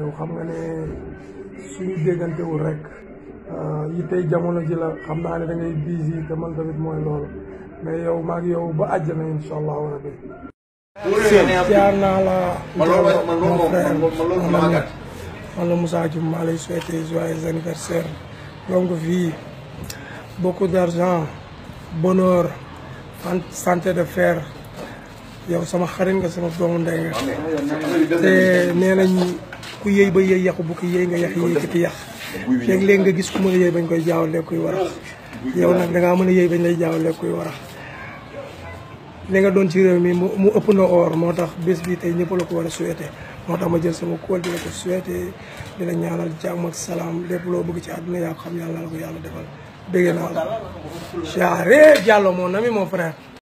yow xam nga ne suñu déggantewul rek euh, yi jamono jila la xam naa ne da ngay busy te man tamit mooy loolu mais yow maa ngi yow ba àjjana incha allahu rabi. siyaar naa la. man loolu man man la Moussa Diouf maa anniversaire longue vie beaucoup d'argent bonheur santé de fer yow sama xarit nga sama doomu ndey te nee nañ ku yëy ba yëy yàqu bu ko yëy nga yàq yëkkati yàq léeg-léeg nga gis ku mën a yëy bañ koy jaawale kuy warax yow nag dangaa mën a yëy bañ lay jaawale kuy warax li nga doon ci réew mi mu ëpp na or moo tax bis bi tey ñëpp la ko war a moo tax ma jël sama kóol di la ko souhaité di la ñaanal jàmm ak salaam lépp loo bëgg ci àdduna yaa ko xam yàlla la ko yàlla defal bégg naa la Jaare Diallo mon ami mon frère